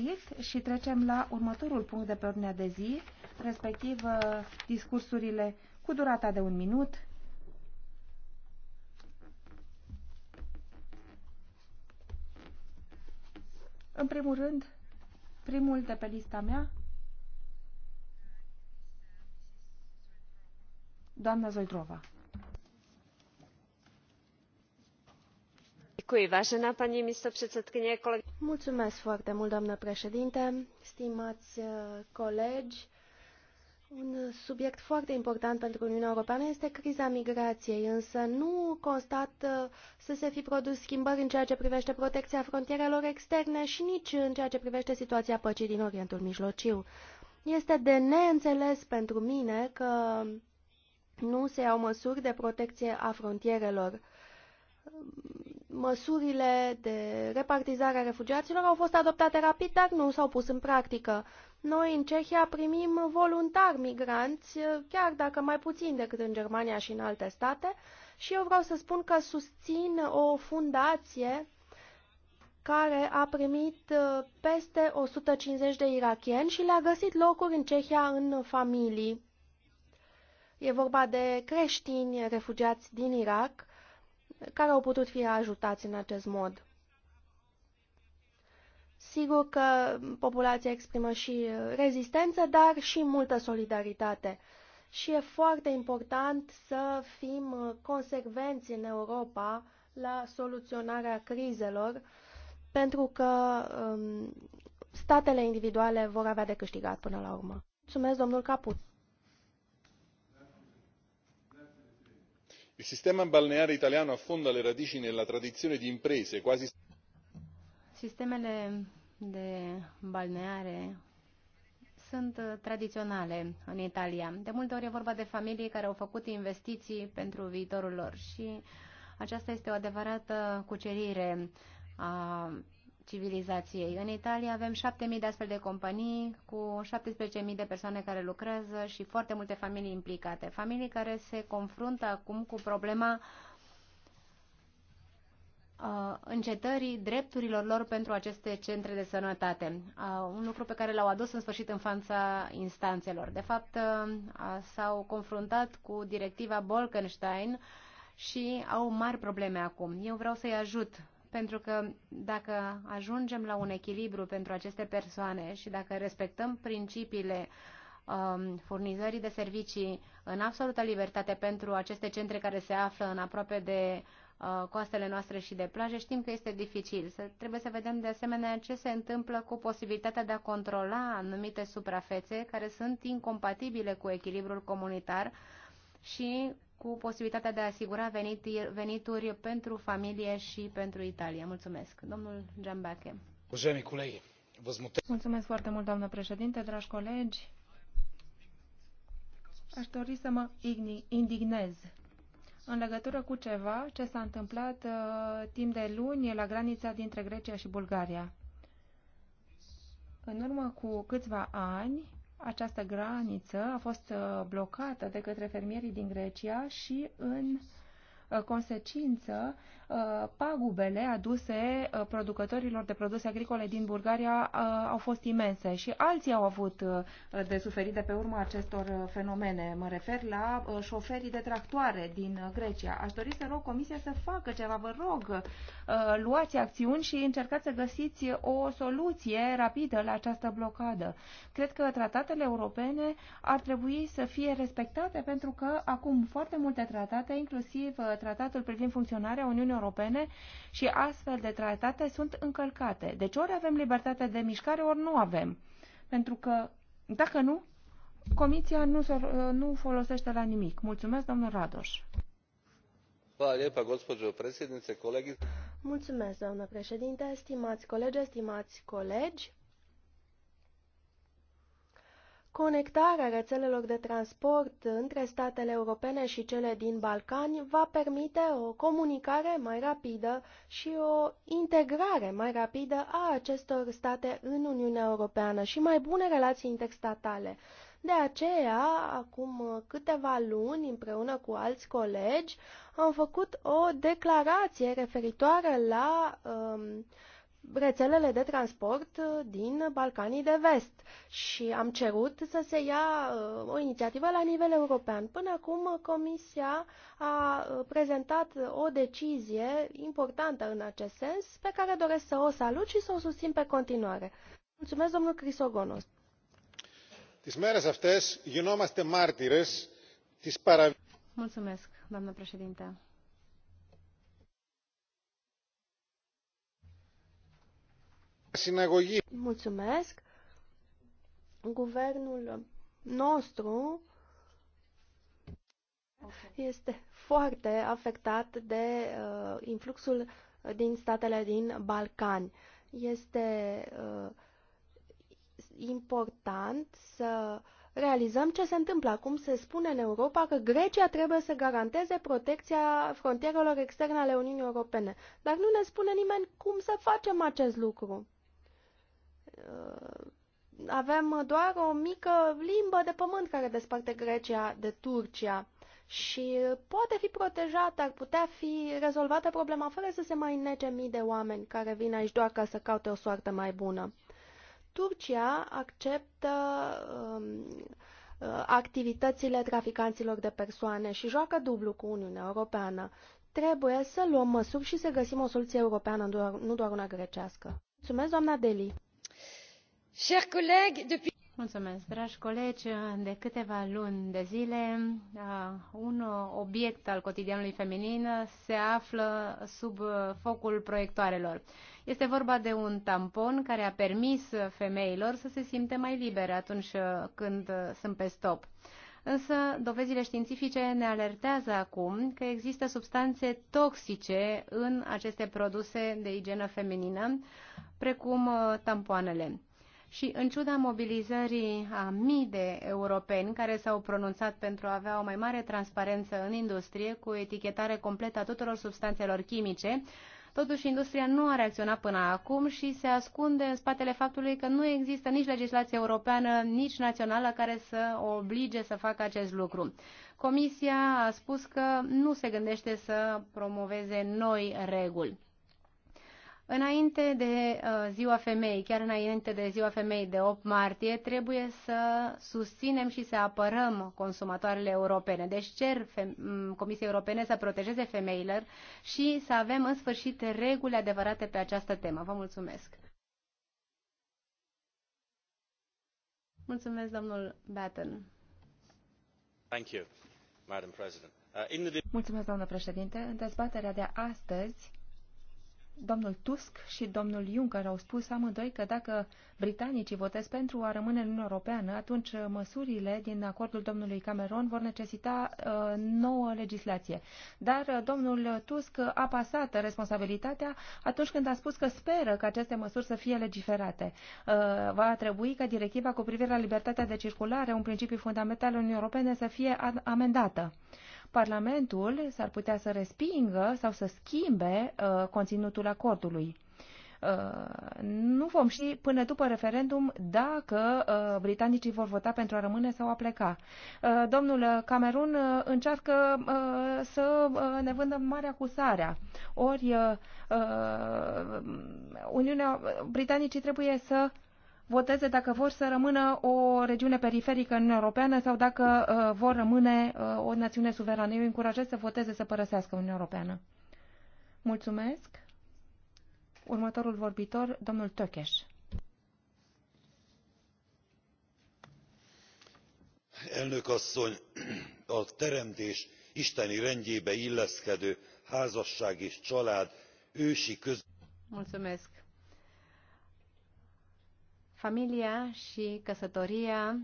implicit și trecem la următorul punct de pe ordinea de zi, respectiv uh, discursurile cu durata de un minut. În primul rând, primul de pe lista mea, doamna Zoidrova. Mulțumesc foarte mult, doamnă președinte, stimați uh, colegi. Un subiect foarte important pentru Uniunea Europeană este criza migrației, însă nu constat uh, să se fi produs schimbări în ceea ce privește protecția frontierelor externe și nici în ceea ce privește situația păcii din Orientul Mijlociu. Este de neînțeles pentru mine că nu se iau măsuri de protecție a frontierelor măsurile de repartizare a refugiaților au fost adoptate rapid, dar nu s-au pus în practică. Noi în Cehia primim voluntar migranți, chiar dacă mai puțin decât în Germania și în alte state, și eu vreau să spun că susțin o fundație care a primit uh, peste 150 de irachieni și le-a găsit locuri în Cehia în familii. E vorba de creștini refugiați din Irak care au putut fi ajutați în acest mod. Sigur că populația exprimă și uh, rezistență, dar și multă solidaritate. Și e foarte important să fim uh, consecvenți în Europa la soluționarea crizelor, pentru că um, statele individuale vor avea de câștigat până la urmă. Mulțumesc, domnul Caput. sistema balneare italiano affonda le radici nella tradizione di imprese quasi. sistemele de balneare sunt uh, tradiționale în Italia. De multe ori e vorba de familii care au făcut investiții pentru viitorul lor și aceasta este o adevărată cucerire a civilizației. În Italia avem 7.000 de astfel de companii cu 17.000 de persoane care lucrează și foarte multe familii implicate. Familii care se confruntă acum cu problema uh, încetării drepturilor lor pentru aceste centre de sănătate. Uh, un lucru pe care l-au adus în sfârșit în fața instanțelor. De fapt, uh, s-au confruntat cu directiva Bolkenstein și au mari probleme acum. Eu vreau să-i ajut pentru că dacă ajungem la un echilibru pentru aceste persoane și dacă respectăm principiile um, furnizării de servicii în absolută libertate pentru aceste centre care se află în aproape de uh, coastele noastre și de plaje, știm că este dificil. Să, trebuie să vedem de asemenea ce se întâmplă cu posibilitatea de a controla anumite suprafețe care sunt incompatibile cu echilibrul comunitar, uh, și cu posibilitatea de a asigura venituri, venituri pentru familie și pentru Italia. Mulțumesc. Domnul Giambache. Mulțumesc foarte mult, doamnă președinte, dragi colegi. Aș dori să mă indignez în legătură cu ceva ce s-a întâmplat uh, timp de luni la granița dintre Grecia și Bulgaria. În urmă cu câțiva ani, această graniță a fost uh, blocată de către fermierii din Grecia și în Uh, consecință uh, pagubele aduse uh, producătorilor de produse agricole din Bulgaria au fost imense și alții au avut de suferit de pe urma acestor fenomene. Mă refer la șoferii de tractoare din Grecia. Aș dori să rog Comisia să facă ceva. Vă rog, luați acțiuni și încercați să găsiți o soluție rapidă la această blocadă. Cred că tratatele europene ar trebui să fie respectate pentru că acum foarte multe tratate, inclusiv tratatul privind funcționarea Uniunii Europene și astfel de tratate sunt încălcate. Deci ori avem libertate de mișcare, ori nu avem. Pentru că, dacă nu, Comisia nu, nu folosește la nimic. Mulțumesc, domnul Radoș. Mulțumesc, doamnă președinte, stimați colegi, stimați colegi. Conectarea rețelelor de transport între statele europene și cele din Balcani va permite o comunicare mai rapidă și o integrare mai rapidă a acestor state în Uniunea Europeană și mai bune relații interstatale. De aceea, acum câteva luni, împreună cu alți colegi, am făcut o declarație referitoare la um, rețelele de transport uh, din Balcanii de Vest și am cerut să se ia uh, o inițiativă la nivel european. Până acum uh, Comisia a prezentat o decizie importantă în acest sens pe care doresc să o salut și să o susțin pe continuare. Mulțumesc, domnul Crisogonos. Τις μέρες αυτές γινόμαστε μάρτυρες της παραβίασης. Mulțumesc, doamnă președinte. Sinagogii. Mulțumesc. Guvernul nostru este foarte afectat de uh, influxul din statele din Balcani. Este uh, important să realizăm ce se întâmplă. Acum se spune în Europa că Grecia trebuie să garanteze protecția frontierelor externe ale Uniunii Europene. Dar nu ne spune nimeni cum să facem acest lucru. Uh, avem doar o mică limbă de pământ care desparte Grecia de Turcia și poate fi protejată, ar putea fi rezolvată problema fără să se mai nece mii de oameni care vin aici doar ca să caute o soartă mai bună. Turcia acceptă um, uh, activitățile traficanților de persoane și joacă dublu cu Uniunea Europeană. Trebuie să luăm măsuri și să găsim o soluție europeană, nu doar una grecească. Mulțumesc, doamna Deli. Mulțumesc, dragi colegi. De câteva luni de zile, uh, un obiect al cotidianului feminin se află sub focul proiectoarelor. Este vorba de un tampon care a permis femeilor să se simte mai libere atunci când sunt pe stop. Însă, dovezile științifice ne alertează acum că există substanțe toxice în aceste produse de igienă feminină, precum uh, tampoanele. Și în ciuda mobilizării a mii de europeni care s-au pronunțat pentru a avea o mai mare transparență în industrie cu etichetare completă a tuturor substanțelor chimice, Totuși, industria nu a reacționat până acum și se ascunde în spatele faptului că nu există nici legislație europeană, nici națională care să o oblige să facă acest lucru. Comisia a spus că nu se gândește să promoveze noi reguli. Înainte de uh, ziua femeii, chiar înainte de ziua femeii de 8 martie, trebuie să susținem și să apărăm consumatoarele europene. Deci cer mm, Comisiei Europene să protejeze femeilor și să avem în sfârșit reguli adevărate pe această temă. Vă mulțumesc! Mulțumesc, domnul Batten. Thank you, Madam President. Uh, the... Mulțumesc, doamnă președinte. În dezbaterea de astăzi, domnul Tusk și domnul Juncker au spus amândoi că dacă britanicii votez pentru a rămâne în Uniunea Europeană, atunci uh, măsurile din acordul domnului Cameron vor necesita uh, nouă legislație. Dar uh, domnul Tusk a pasat responsabilitatea atunci când a spus că speră că aceste măsuri să fie legiferate. Uh, va trebui ca directiva cu privire la libertatea de circulare, un principiu fundamental al Uniunii Europene, să fie amendată. Uh, Parlamentul s-ar putea să respingă sau să schimbe uh, conținutul acordului. Uh, nu vom ști până după referendum dacă uh, britanicii vor vota pentru a rămâne sau a pleca. Uh, domnul Camerun uh, încearcă uh, să uh, ne vândă marea cu sarea. Ori Uniunea Britanicii trebuie să voteze dacă vor să rămână o regiune periferică în Europeană sau dacă uh, vor rămâne uh, o națiune suverană. Eu încurajez să voteze să părăsească Uniunea Europeană. Mulțumesc. Următorul vorbitor, domnul Tökeș. Elnök asszony, a teremtés isteni rendjébe illeszkedő házasság és család ősi köz... Mulțumesc Familia și căsătoria,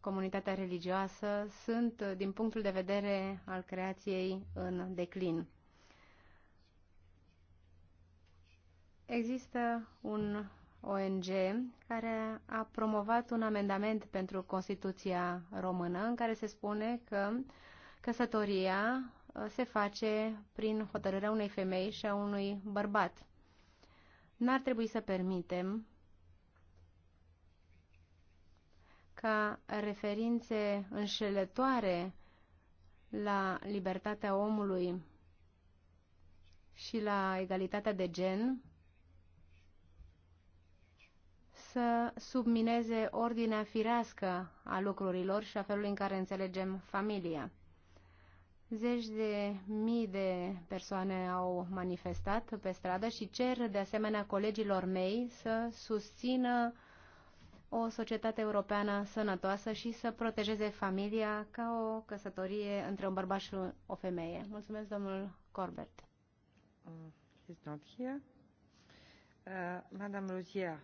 comunitatea religioasă, sunt, din punctul de vedere al creației, în declin. Există un ONG care a promovat un amendament pentru Constituția română în care se spune că căsătoria uh, se face prin hotărârea unei femei și a unui bărbat. N-ar trebui să permitem ca referințe înșelătoare la libertatea omului și la egalitatea de gen să submineze ordinea firească a lucrurilor și a felului în care înțelegem familia. Zeci de mii de persoane au manifestat pe stradă și cer de asemenea colegilor mei să susțină o societate europeană sănătoasă și să protejeze familia ca o căsătorie între un bărbat și o femeie. Mulțumesc, domnul Corbett. Uh, he's not here. Uh, Madame Rozier.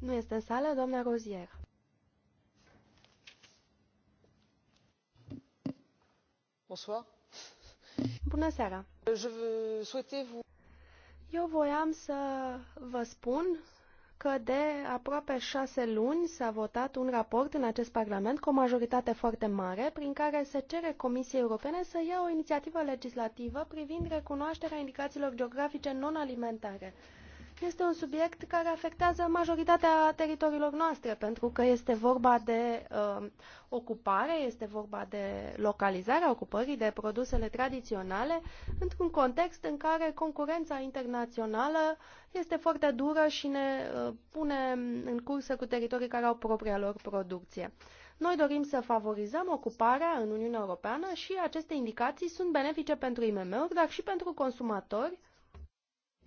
Nu este în sală, doamna Rozier. Bonsoir. Bună seara. Je souhaitais vous... Eu voiam să vă spun că de aproape șase luni s-a votat un raport în acest Parlament cu o majoritate foarte mare, prin care se cere Comisiei Europene să ia o inițiativă legislativă privind recunoașterea indicațiilor geografice non-alimentare este un subiect care afectează majoritatea teritoriilor noastre, pentru că este vorba de uh, ocupare, este vorba de localizarea ocupării de produsele tradiționale într-un context în care concurența internațională este foarte dură și ne uh, pune în cursă cu teritorii care au propria lor producție. Noi dorim să favorizăm ocuparea în Uniunea Europeană și aceste indicații sunt benefice pentru IMM-uri, dar și pentru consumatori,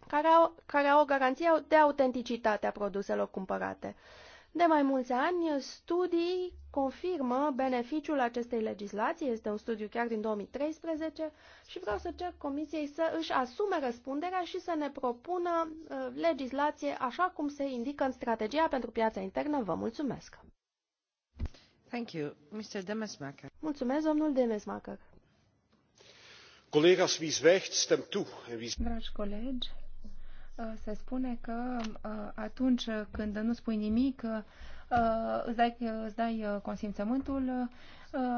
care au, care au o garanție de autenticitate a produselor cumpărate. De mai mulți ani, studii confirmă beneficiul acestei legislații, este un studiu chiar din 2013 și vreau să cer Comisiei să își asume răspunderea și să ne propună uh, legislație așa cum se indică în strategia pentru piața internă. Vă mulțumesc! Thank you. Mr. Demesmaker. Mulțumesc, domnul Demesmaker. Collega's, wie zwijgt, stemt toe. Dragi colegi, Uh, se spune că uh, atunci când nu spui nimic, uh, îți dai, îți dai consimțământul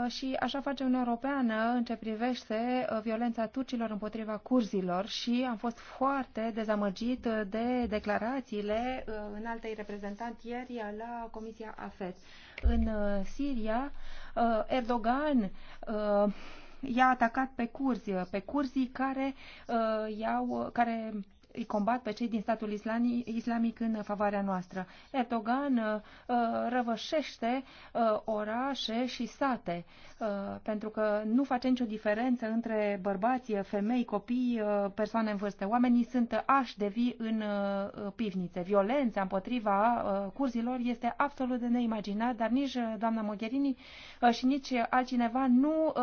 și așa face Uniunea Europeană în ce privește violența turcilor împotriva curzilor și am fost foarte dezamăgit de declarațiile în altei reprezentant ieri la Comisia AFET. În Siria, Erdogan i-a atacat pe curzi, pe curzii care, uh, iau, care îi combat pe cei din statul islamic în favoarea noastră. Erdogan uh, răvășește uh, orașe și sate, uh, pentru că nu face nicio diferență între bărbați, femei, copii, persoane în vârstă. Oamenii sunt ași de vii în pivnițe. Violența împotriva curzilor este absolut de neimaginat, dar nici doamna Mogherini și nici altcineva nu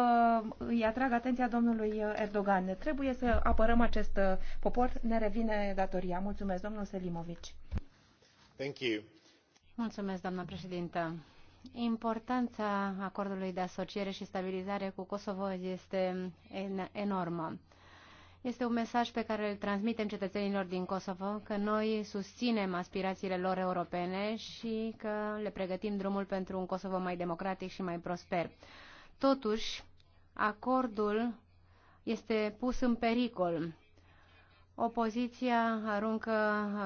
îi atrag atenția domnului Erdogan. Trebuie să apărăm acest popor, ne revine datoria. Mulțumesc, domnul Selimovic. Thank you. Mulțumesc, doamnă președintă. Importanța acordului de asociere și stabilizare cu Kosovo este enormă. Este un mesaj pe care îl transmitem cetățenilor din Kosovo că noi susținem aspirațiile lor europene și că le pregătim drumul pentru un Kosovo mai democratic și mai prosper. Totuși, acordul este pus în pericol Opoziția aruncă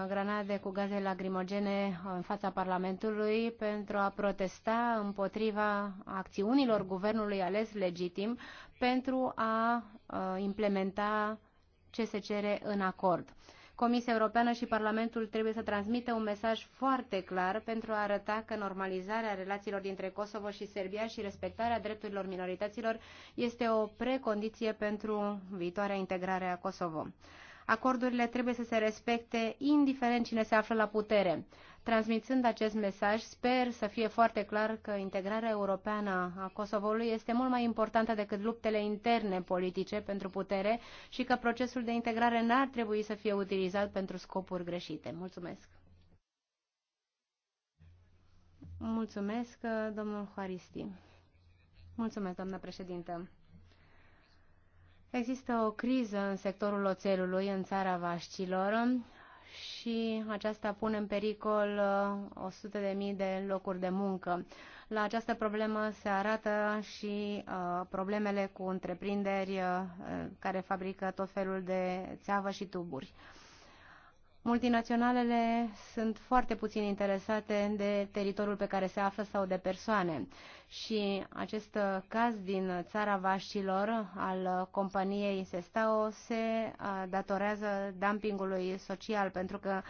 granade cu gaze lacrimogene în fața Parlamentului pentru a protesta împotriva acțiunilor guvernului ales legitim pentru a implementa ce se cere în acord. Comisia Europeană și Parlamentul trebuie să transmită un mesaj foarte clar pentru a arăta că normalizarea relațiilor dintre Kosovo și Serbia și respectarea drepturilor minorităților este o precondiție pentru viitoarea integrare a Kosovo. Acordurile trebuie să se respecte indiferent cine se află la putere. Transmițând acest mesaj, sper să fie foarte clar că integrarea europeană a Kosovoului este mult mai importantă decât luptele interne politice pentru putere și că procesul de integrare n-ar trebui să fie utilizat pentru scopuri greșite. Mulțumesc! Mulțumesc, domnul Haristi. Mulțumesc, doamnă președintă. Există o criză în sectorul oțelului în țara Vașcilor și aceasta pune în pericol 100.000 uh, de locuri de muncă. La această problemă se arată și uh, problemele cu întreprinderi uh, care fabrică tot felul de țeavă și tuburi. Uh, Multinaționalele sunt foarte puțin interesate de teritoriul pe care se află sau de persoane. Și acest caz din țara vaștilor al companiei Sestao se datorează dumpingului social, pentru că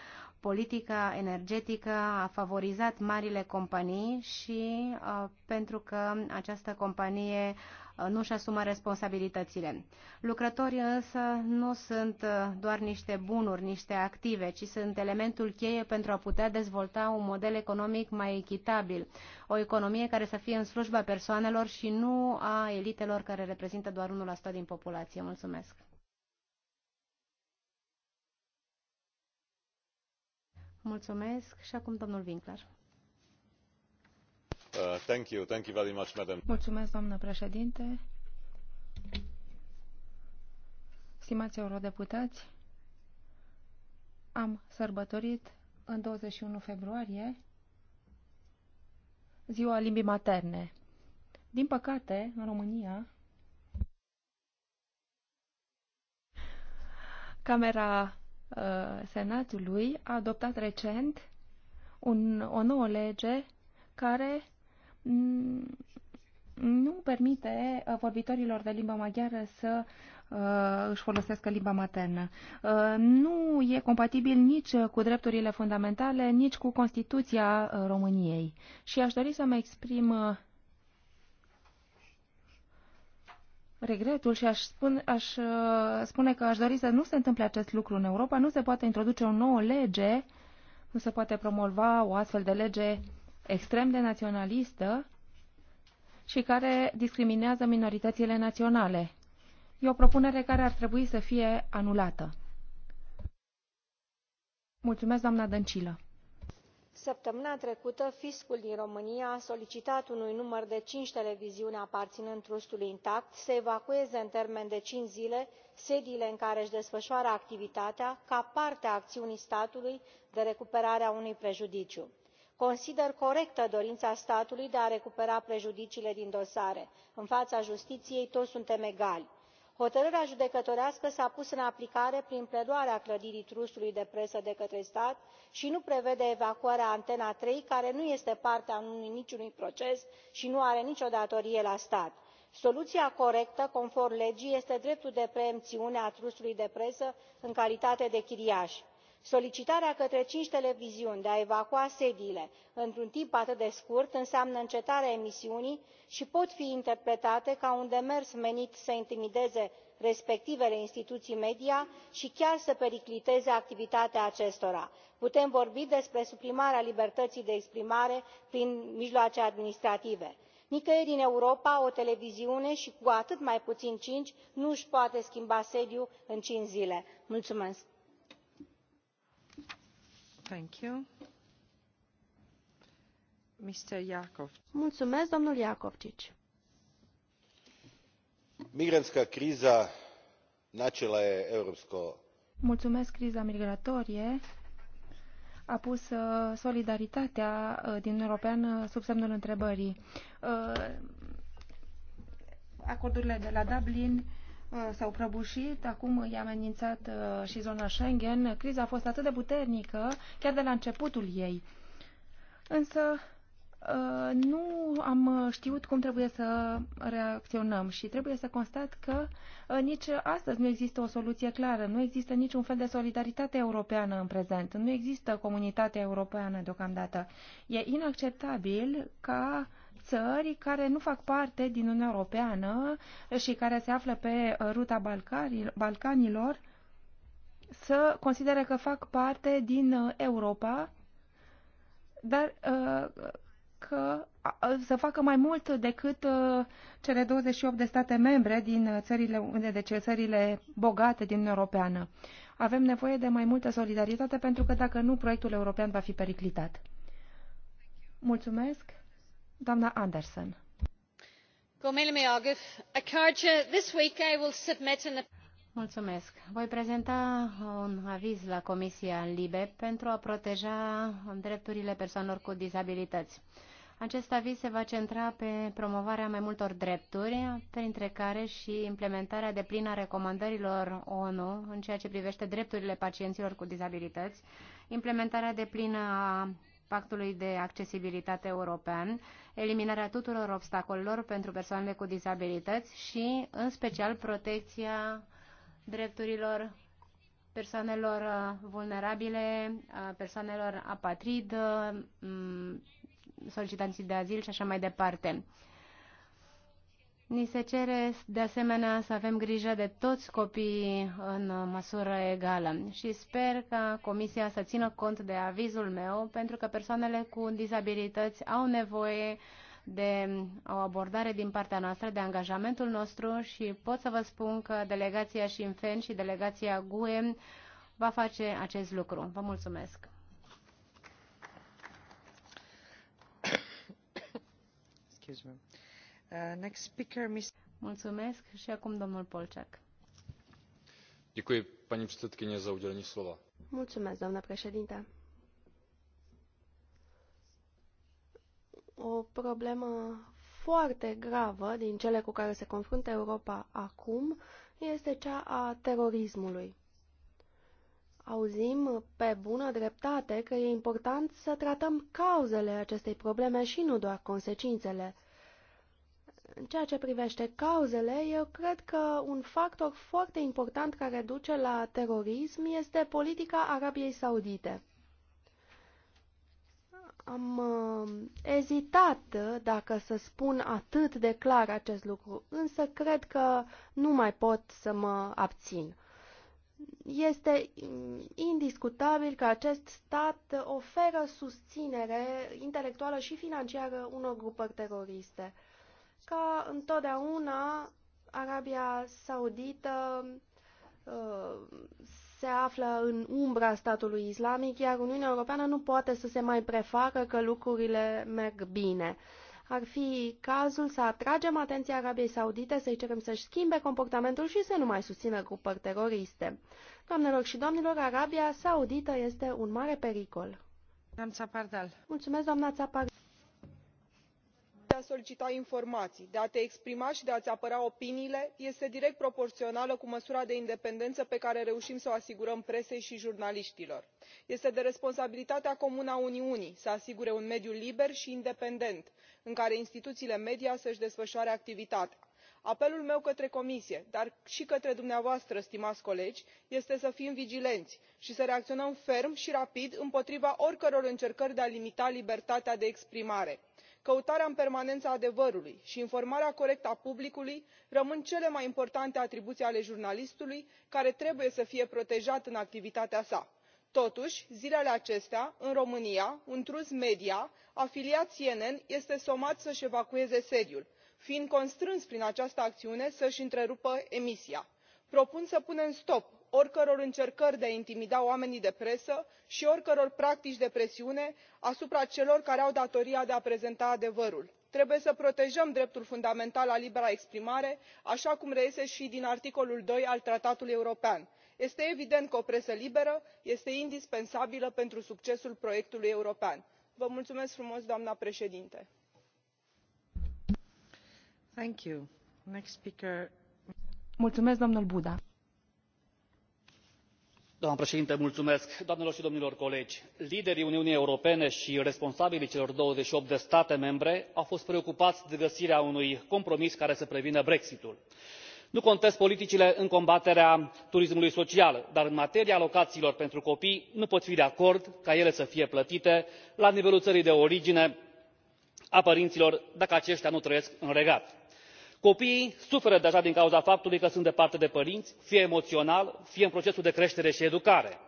politica energetică a favorizat marile companii și pentru că această companie Uh, nu-și asumă responsabilitățile. Lucrătorii însă nu sunt uh, doar niște bunuri, niște active, ci sunt elementul cheie pentru a putea dezvolta un model economic mai echitabil, o economie care să fie în slujba persoanelor și nu a elitelor care reprezintă doar 1% din populație. Mulțumesc! Mulțumesc și acum domnul Winkler. Uh, Mulțumesc, doamnă președinte. Stimați eurodeputați, am sărbătorit în 21 februarie ziua limbii materne. Din păcate, în România, Camera uh, Senatului a adoptat recent un, o nouă lege care nu permite uh, vorbitorilor de limba maghiară să uh, își folosească limba maternă. Uh, nu e compatibil nici cu drepturile fundamentale, nici cu Constituția României. Și aș dori să-mi exprim regretul și aș, spune, aș spune că aș dori să nu se întâmple acest lucru în Europa. Nu se poate introduce o nouă lege, nu se poate promova o astfel de lege extrem de naționalistă și care discriminează minoritățile naționale. E o propunere care ar trebui să fie anulată. Mulțumesc, doamna Dăncilă. Săptămâna trecută, fiscul din România a solicitat unui număr de cinci televiziuni aparținând trustului intact să evacueze în termen de cinci zile sediile în care își desfășoară activitatea ca parte a acțiunii statului de recuperare a unui prejudiciu consider corectă dorința statului de a recupera prejudiciile din dosare în fața justiției toți suntem egali. hotărârea judecătorească s a pus în aplicare prin preluarea clădirii trustului de presă de către stat și nu prevede evacuarea antena trei care nu este parte a niciunui proces și nu are nicio datorie la stat. soluția corectă conform legii este dreptul de preemțiune al trustului de presă în calitate de chiriaș solicitarea către cinci televiziuni de a evacua sediile într un timp atât de scurt înseamnă încetarea emisiunii și pot fi interpretate ca un demers menit să intimideze respectivele instituții media și chiar să pericliteze activitatea acestora. putem vorbi despre suprimarea libertății de exprimare prin mijloace administrative. nicăieri în europa o televiziune și cu atât mai puțin cinci nu își poate schimba sediul în cinci zile. mulțumesc. Mulțumesc, domnul Iacovcic. Migrantska kriza načela je evropsko. Mulțumesc, criza migratorie a pus uh, solidaritatea uh, din europeană uh, sub semnul întrebării. Acordurile de la Dublin Uh, s-au prăbușit, acum i-am amenințat uh, și zona Schengen. Criza a fost atât de puternică, chiar de la începutul ei. Însă uh, nu am știut cum trebuie să reacționăm și trebuie să constat că nici astăzi nu există o soluție clară, nu există niciun fel de solidaritate europeană în prezent, nu există comunitatea europeană deocamdată. E inacceptabil ca uh, țări care nu fac parte din Uniunea Europeană și care se află pe ruta Balcanilor să considere că fac parte din Europa, dar uh, că uh, să facă mai mult decât uh, cele 28 de state membre din țările, unde de deci, ce țările bogate din Uniunea Europeană. Avem nevoie de mai multă solidaritate pentru că dacă nu, proiectul european va fi periclitat. Mulțumesc. Doamna Anderson. Voi prezenta un aviz la Comisia LIBE pentru a proteja drepturile persoanelor cu dizabilități. Acest aviz se va centra pe promovarea mai multor drepturi, printre care și implementarea deplină a recomandărilor ONU în ceea ce privește drepturile pacienților cu dizabilități, implementarea deplină. a Pactului de Accesibilitate European, eliminarea tuturor obstacolelor pentru persoanele cu dizabilități și, în special, protecția drepturilor persoanelor uh, vulnerabile, uh, persoanelor apatrid, uh, solicitanții de azil și așa mai departe. Ni se cere de asemenea să avem grijă de toți copiii în măsură egală și sper ca Comisia să țină cont de avizul meu pentru că persoanele cu dizabilități au nevoie de o abordare din partea noastră, de angajamentul nostru și pot să vă spun că delegația Shinfen și delegația GUE va face acest lucru. Vă mulțumesc! Excuse me. Uh, next speaker, Ms. Mulțumesc și acum domnul Polceac. Děkuji, paní předsedkyně, za udělení slova. Mulțumesc, doamna președinte. O problemă foarte gravă din cele cu care se confruntă Europa acum este cea a terorismului. Auzim pe bună dreptate că e important să tratăm cauzele acestei probleme și nu doar consecințele. În ceea ce privește cauzele, eu cred că un factor foarte important care duce la terorism este politica Arabiei Saudite. Am uh, ezitat dacă să spun atât de clar acest lucru, însă cred că nu mai pot să mă abțin. Este mm, indiscutabil că acest stat oferă susținere intelectuală și financiară unor grupări teroriste ca întotdeauna Arabia Saudită uh, se află în umbra statului islamic, iar Uniunea Europeană nu poate să se mai prefacă că lucrurile merg bine. Ar fi cazul să atragem atenția Arabiei Saudite, să-i cerem să-și schimbe comportamentul și să nu mai susțină grupări teroriste. Doamnelor și domnilor, Arabia Saudită este un mare pericol. Mulțumesc, doamna Țapardal solicita informații de a te exprima și de a ți apăra opiniile este direct proporțională cu măsura de independență pe care reușim să o asigurăm presei și jurnaliștilor. este de responsabilitatea comună a uniunii să asigure un mediu liber și independent în care instituțiile media să își desfășoare activitatea. apelul meu către comisie dar și către dumneavoastră stimați colegi este să fim vigilenți și să reacționăm ferm și rapid împotriva oricăror încercări de a limita libertatea de exprimare căutarea în permanență a adevărului și informarea corectă a publicului rămân cele mai importante atribuții ale jurnalistului care trebuie să fie protejat în activitatea sa. totuși zilele acestea în românia un trust media afiliat cnn este somat să își evacueze sediul fiind constrâns prin această acțiune să își întrerupă emisia. propun să punem stop oricăror încercări de a intimida oamenii de presă și oricăror practici de presiune asupra celor care au datoria de a prezenta adevărul. trebuie să protejăm dreptul fundamental la libera exprimare așa cum reiese și din articolul doi al tratatului european. este evident că o presă liberă este indispensabilă pentru succesul proiectului european. vă mulțumesc frumos doamnă președintă. mulțumesc buda doamnă președintă doamnelor și domnilor colegi liderii uniunii europene și responsabilii celor douăzeci și opt de state membre au fost preocupați de găsirea unui compromis care să prevină brexitul. nu contest politicile în combaterea turismului social dar în materie alocațiilor pentru copii nu pot fi de acord ca ele să fie plătite la nivelul țării de origine a părinților dacă aceștia nu trăiesc în regat copiii suferă deja din cauza faptului că sunt departe de părinți fie emoțional fie în procesul de creștere și educare.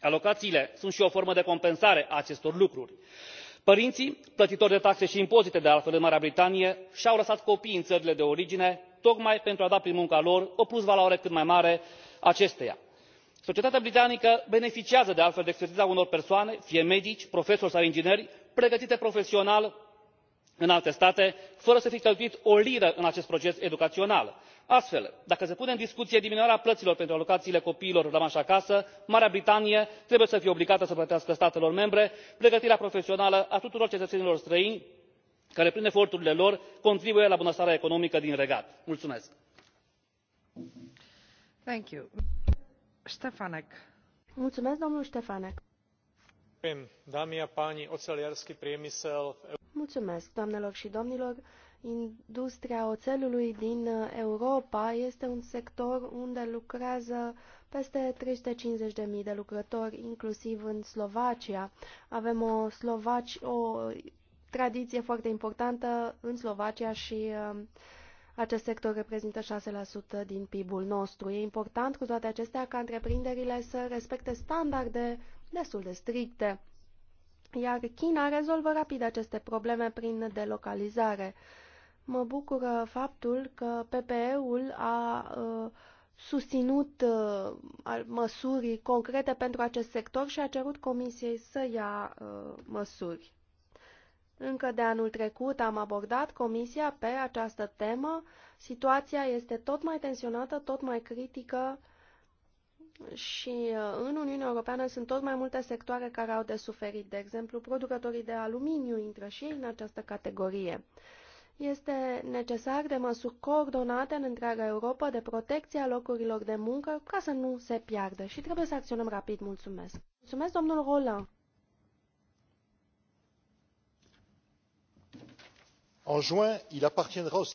alocațiile sunt și o formă de compensare a acestor lucruri. părinții plătitori de taxe și impozite de altfel în marea britanie și au lăsat copiii în țările de origine tocmai pentru a da prin munca lor o plusvaloare cât mai mare acesteia. societatea britanică beneficiază de altfel de expertiza unor persoane fie medici profesori sau ingineri pregătite profesional în alte state fără să fi cheltuit o liră în acest proces educațional. astfel dacă se pune în discuție diminuarea plăților pentru alocațiile copiilor rămași acasă marea britanie trebuie să fie obligată să plătească statelor membre pregătirea profesională a tuturor cetățenilor străini care prin eforturile lor contribuie la bunăstarea economică din regat. mulțumesc. Mulțumesc, doamnelor și domnilor. Industria oțelului din Europa este un sector unde lucrează peste 350.000 de lucrători, inclusiv în Slovacia. Avem o, Slovaci, o tradiție foarte importantă în Slovacia și um, acest sector reprezintă 6% din PIB-ul nostru. E important cu toate acestea ca întreprinderile să respecte standarde destul de stricte, iar China rezolvă rapid aceste probleme prin delocalizare. Mă bucură faptul că PPE-ul a uh, susținut uh, măsuri concrete pentru acest sector și a cerut Comisiei să ia uh, măsuri. Încă de anul trecut am abordat Comisia pe această temă. Situația este tot mai tensionată, tot mai critică și uh, în Uniunea Europeană sunt tot mai multe sectoare care au de suferit. De exemplu, producătorii de aluminiu intră și ei în această categorie. Este necesar de măsuri coordonate în întreaga Europa de protecția locurilor de muncă ca să nu se piardă și trebuie să acționăm rapid. Mulțumesc! Mulțumesc, domnul Roland! En juin, il appartiendra aux...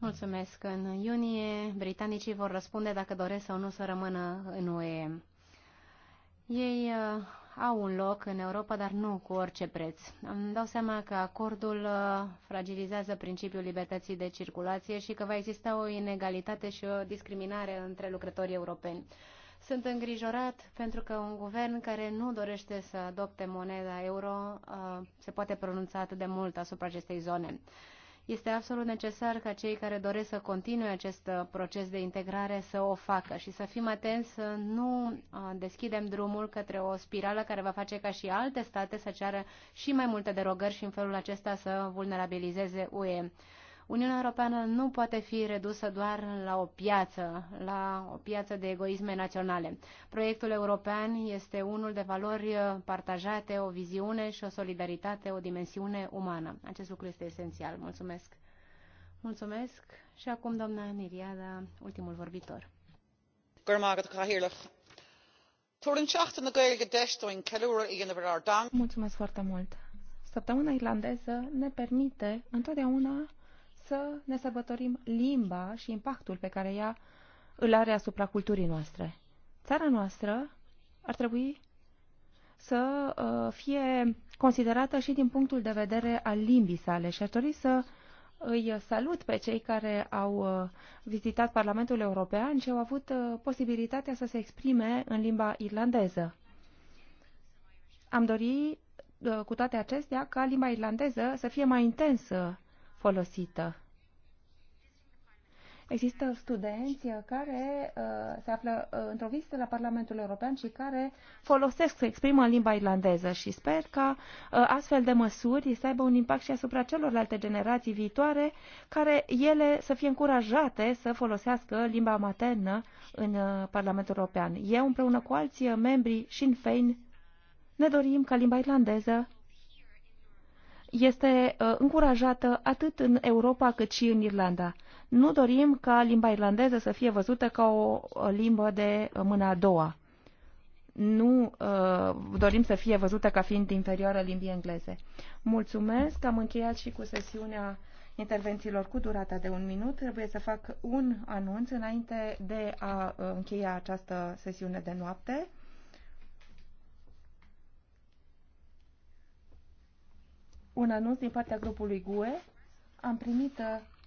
Mulțumesc. În iunie, britanicii vor răspunde dacă doresc sau nu să rămână în UE. Ei uh, au un loc în Europa, dar nu cu orice preț. Îmi dau seama că acordul uh, fragilizează principiul libertății de circulație și că va exista o inegalitate și o discriminare între lucrătorii europeni. Sunt îngrijorat pentru că un guvern care nu dorește să adopte moneda euro uh, se poate pronunța atât de mult asupra acestei zone. Este absolut necesar ca cei care doresc să continue acest uh, proces de integrare să o facă și să fim atenți să nu uh, deschidem drumul către o spirală care va face ca și alte state să ceară și mai multe derogări și în felul acesta să vulnerabilizeze UE. Uniunea Europeană nu poate fi redusă doar la o piață, la o piață de egoisme naționale. Proiectul european este unul de valori partajate, o viziune și o solidaritate, o dimensiune umană. Acest lucru este esențial. Mulțumesc! Mulțumesc și acum doamna Niriada, ultimul vorbitor. Mulțumesc foarte mult! Săptămâna irlandeză ne permite întotdeauna să ne sărbătorim limba și impactul pe care ea îl are asupra culturii noastre. Țara noastră ar trebui să uh, fie considerată și din punctul de vedere al limbii sale și ar trebui să îi salut pe cei care au uh, vizitat Parlamentul European și au avut uh, posibilitatea să se exprime în limba irlandeză. Am dorit, cu toate acestea, ca limba irlandeză să fie mai intensă folosită. Există studenți care uh, se află uh, într-o vizită la Parlamentul European și care folosesc, se exprimă în limba irlandeză și sper ca uh, astfel de măsuri să aibă un impact și asupra celorlalte generații viitoare, care ele să fie încurajate să folosească limba maternă în uh, Parlamentul European. Eu, împreună cu alții membrii Sinn Féin, ne dorim ca limba irlandeză este uh, încurajată atât în Europa cât și în Irlanda. Nu dorim ca limba irlandeză să fie văzută ca o limbă de mâna a doua. Nu uh, dorim să fie văzută ca fiind inferioară limbii engleze. Mulțumesc, am încheiat și cu sesiunea intervențiilor cu durata de un minut. Trebuie să fac un anunț înainte de a uh, încheia această sesiune de noapte. un anunț din partea grupului GUE. Am primit uh,